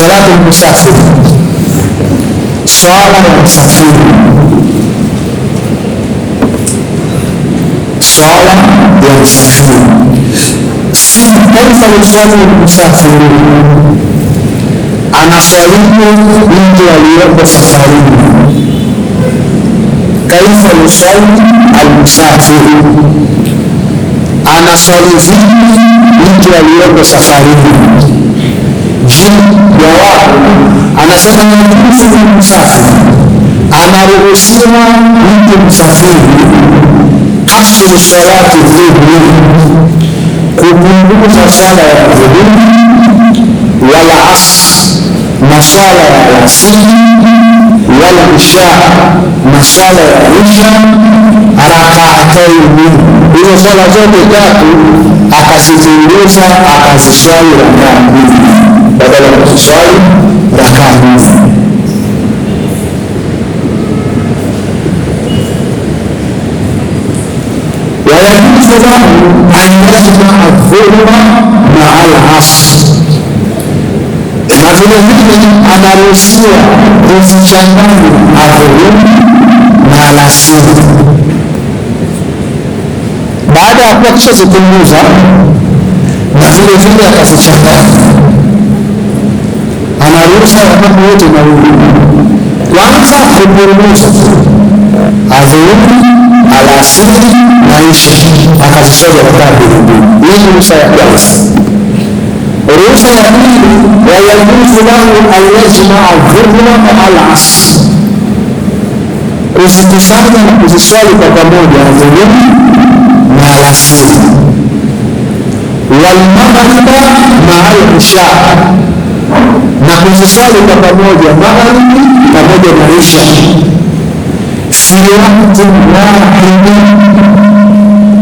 Será que ele está firme? Só ele está firme. Só ele está firme. Se ele falou só ele está firme, a nossa língua entraria por safarinha. Caí pelo sol, aí o safari. A nossa língua entraria ya watu anasema mtu mchafu anaruhusiwa mtu mchafiri aklu salati dhuhri kupunguza sala ya dhuhuri wala asr na sala ya alasiri wala isha na sala ya isha rakaataini hizo sala zote tatu akazipunguza akaziswali rakaa mbili badala ya kuswali rakaa hizi. Wayajuzu anyajmaa dhulma maa alasri, na vilevile anaruhusiwa kuzichanganya adhuluma na alasiri baada ya kuwa kisha zipinguza na vilevile akazichanganya anaruhusa wakati wote mawili. Kwanza kupunguza adhuhuri, alasiri na ishi, akazitaja kitabu hii ruhusa ya kwanza. Ruhusa ya pili, wayajuzu lahu anyajmaa dhuhra maalasri, kuzikusanya na kuziswali kwa pamoja adhuhuri na alasiri, walmaghriba maa isha na kuzisali kwa pamoja magharibi pamoja na isha, siwakti wahidi,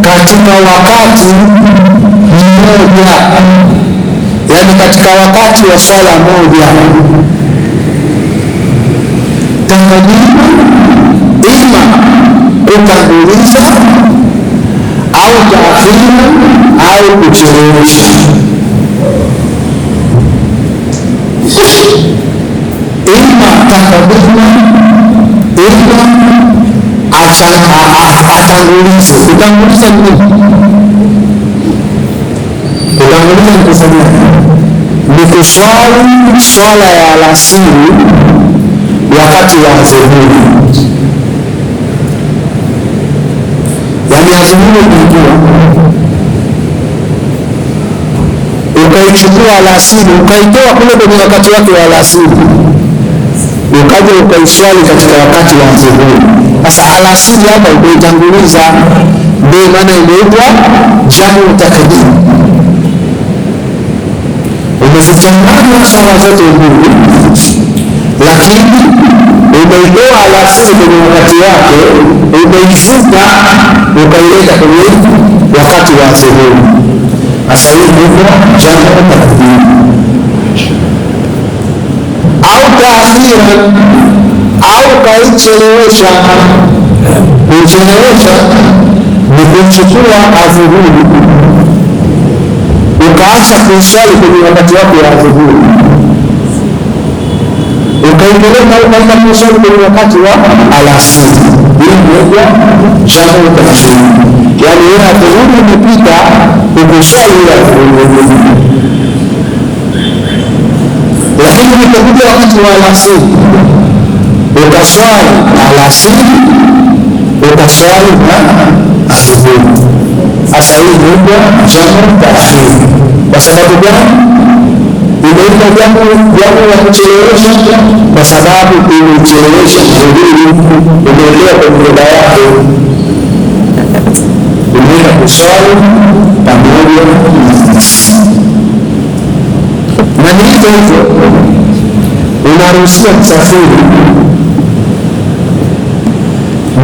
katika wakati mmoja, yani katika wakati wa sala moja takadimu, ima kutanguliza au taakhira au kuchelewesha ima takabudna ima atangulize kutanguliza nini kutanguliza ni kufanya ni kuswali swala ya alasiri wakati wa adhuhuri yaani adhuhuri unajua ukaichukua alasiri, ukaitoa kule kwenye wakati wake wa alasiri, ukaja ukaiswali katika wakati wa dhuhuri. Sasa alasiri hapa ukaitanguliza, ndio maana imeitwa jamu takdim. Umezichanganya swala zote mbili, lakini umeitoa alasiri kwenye wakati wake, umeifuta ukaileta kwenye wakati wa dhuhuri. Sasa hii ndivyo jambo la takdiri au taakhira au kaichelewesha. Kuchelewesha ni kuchukua adhuhuri ukaacha kuisali kwenye wakati wako wa adhuhuri ukaipeleka ukaenda kuisali kwenye wakati wa alasiri. Hii ndiyo jambo la takdiri, yaani ile adhuhuri imepita kukusanya lakini ilipokuja wakati wa alasiri ukaswali alasiri ukaswali na adhuhuri hasa hii inaitwa jamu taakhiri kwa sababu gani inaitwa jamu jamu ya kuchelewesha kwa sababu ilichelewesha dhuhuri umeelewa kwenye muda wake swali pamoja na msingi. Na hivyo hivyo unaruhusiwa kusafiri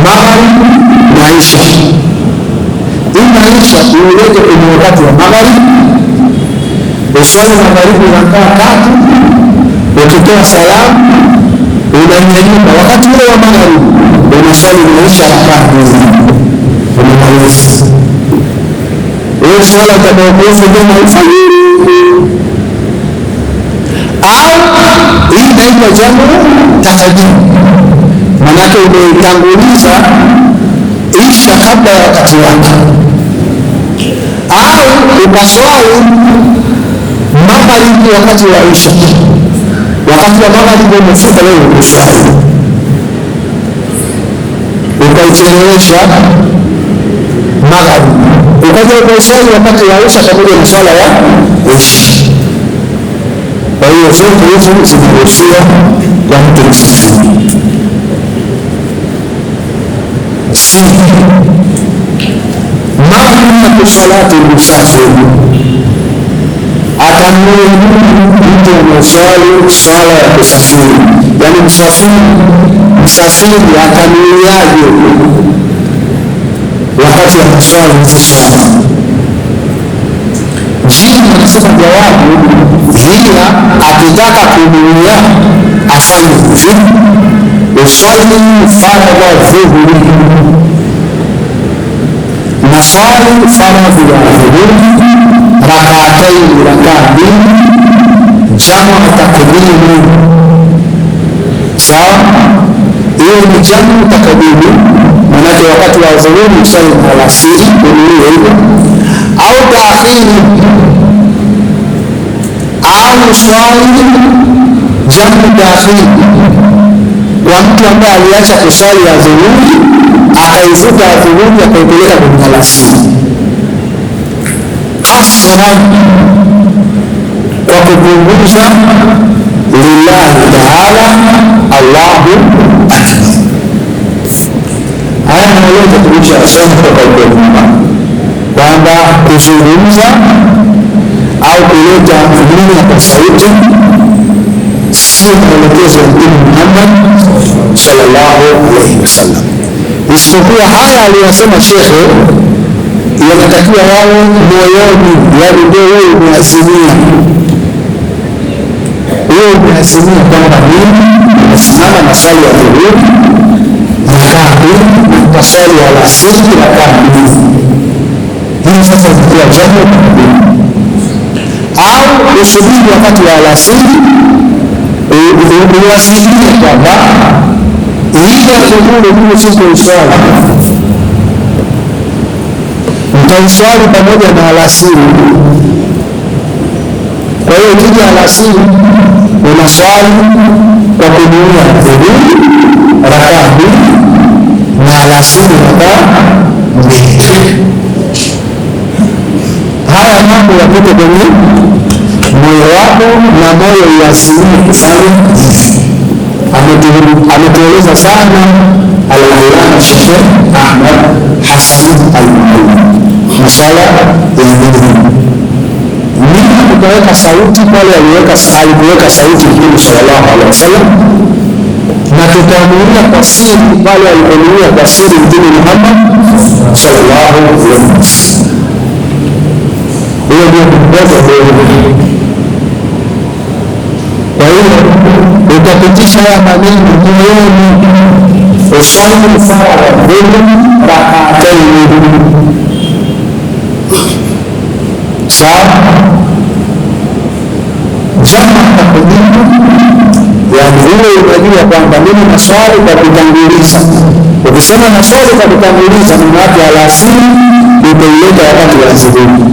magharibi na isha, ima isha iulete kwenye wakati wa magharibi, uswali magharibi unakaa tatu, ukitoa salamu unanyanyuka, wakati ule wa magharibi unaswali naisha rakaa mbili unamaliza inshallah utakaokuweza jana alfajiri au hii inaitwa jambo takadimu, manake umeitanguliza isha kabla ya wakati wake, au ukaswali magharibi wakati wa isha, wakati wa magharibi umefika, wewe umeswali ukaichelewesha magharibi ukaja Uislamu wakati wa Aisha pamoja na swala ya ifki. Kwa hiyo zote hizo zinaruhusiwa kwa mtu Muislamu. Mamnuu salati musafir, atamnuu mtu anayeswali swala ya kusafiri, yaani msafiri. Msafiri atanuiaje? wakati wa maswali shamba. Jini anasema jawabu hiya, akitaka kuhudumia afanye hivi usali faradha dhuhuri, nasali faradhi ya dhuhuri rakataini, rakaa mbili, jamaa takdimu. Sawa, hiyo ni jamu takdimu yake wakati wa dhuhuri swali la siri kununuliwa hivyo au taakhiri au swali jamu taakhiri wa mtu ambaye aliacha kuswali ya dhuhuri akaivuta ya dhuhuri akaipeleka kwenye alasiri kasran kwa kupunguza lillahi taala allahu akbar Haya yote tulishasoma kutoka huko nyuma kwamba kuzungumza au kuleta dhuluma kwa sauti sio mwelekezo wa Mtume Muhammad sallallahu alaihi wasallam, isipokuwa haya aliyosema shekhe yanatakiwa yawe moyoni, yaani ndio wewe umeazimia, wewe umeazimia kwamba mimi nasimama na sali ya dhuhuri, nakaa maswali ya msingi na kamuzi. Hili sasa ikiwa jambo au usubiri wakati wa alasiri uwasilie kwamba ile shughuli huu siku iswali mtaiswali pamoja na alasiri. Kwa hiyo ukija alasiri unaswali kwa kunuia elii rakaa mbili asuma wetu. Haya mambo yapite kwenye moyo wako na moyo yasiie sana. Ametueleza sana Al-Allama Sheikh Ahmad Hassan Al-Maaliki masala ya dini mimi tukaweka sauti pale, aliweka alikuweka sauti Mtume sallallahu alaihi wasallam na tutamuulia kwa siri pale aliponuia kwa siri Mtume Muhammad sallallahu alaihi wasallam. Hiyo ndio kupoza kweli. Kwa hiyo utapitisha haya maneno moyoni, usali sala ya sawa jama takdimu Yaani ya vile unajua kwamba mimi naswali kwa kutanguliza. Ukisema naswali kwa kutanguliza, maana yake alasiri utaileta wakati wa dhuhuri.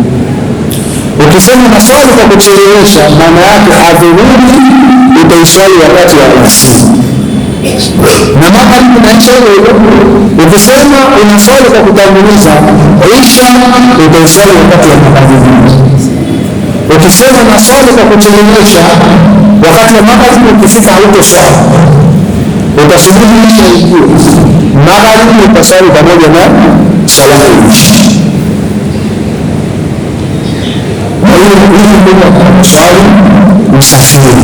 Ukisema naswali kwa kuchelewesha, maana yake adhuhuri utaiswali wakati wa alasiri na magharibi kunaisha hivyo hiyo. Ukisema unaswali kwa kutanguliza, isha utaiswali wakati wa magharibi. Ukisema nasali kwa kuchelewesha, wakati wa magharibi ukifika hauko sawa, utasubiri kisha ijue magharibi, utasali pamoja na salamu. hiyo hili ndio kusali msafiri,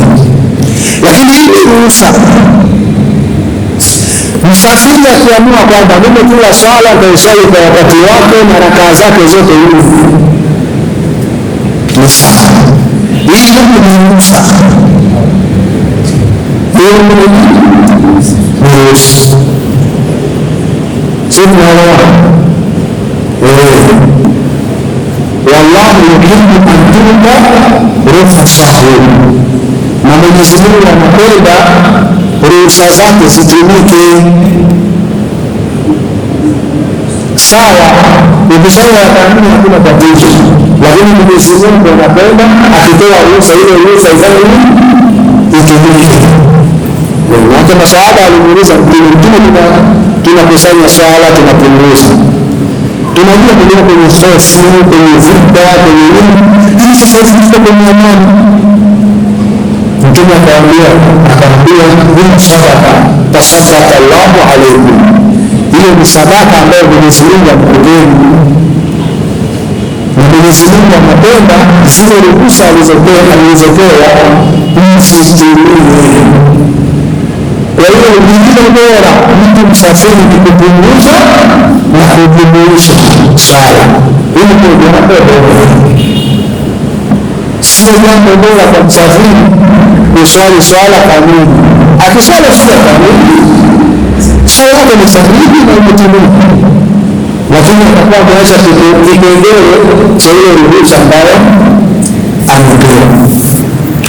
lakini hili ruhusa msafiri akiamua kwamba mimi kila swala nitaisali kwa wakati wake na rakaa zake zote hivi amekufa. Yeye amekufa. Yeye ni Yesu. Sisi tunaelewa. Wewe. Wallahu yuhibbu an rufasahu. Na Mwenyezi Mungu anapenda ruhusa zake zitumike sawa. Ukisema ya hakuna tatizo lakini Mwenyezi Mungu anapenda akitoa ruhusa, ile ruhusa izani nini? Itumike. Maanake masahaba alimuuliza Mtume, Mtume, tunakusanya swala tunapunguza, tunajua kutoka kwenye hofu, kwenye vita, kwenye nini, ili sasa hizi tuko kwenye amani. Mtume akaambia akaambia hii sadaka tasadaka Allahu alaikum, ile ni sadaka ambayo Mwenyezi Mungu amkupeni Mwenyezi Mungu anapenda zile ruhusa alizopewa alizopewa mtu itumie. Kwa hiyo lililo bora mtu msafiri ni kupunguza na kujumuisha sala, ili kuonapepo sio jambo bora kwa msafiri kuswali swala kamili. Akiswali swala kamili, sala yake msafiri sahihi na imetimia lakini atakuwa ameacha kipengele cha ile ruhusa ambayo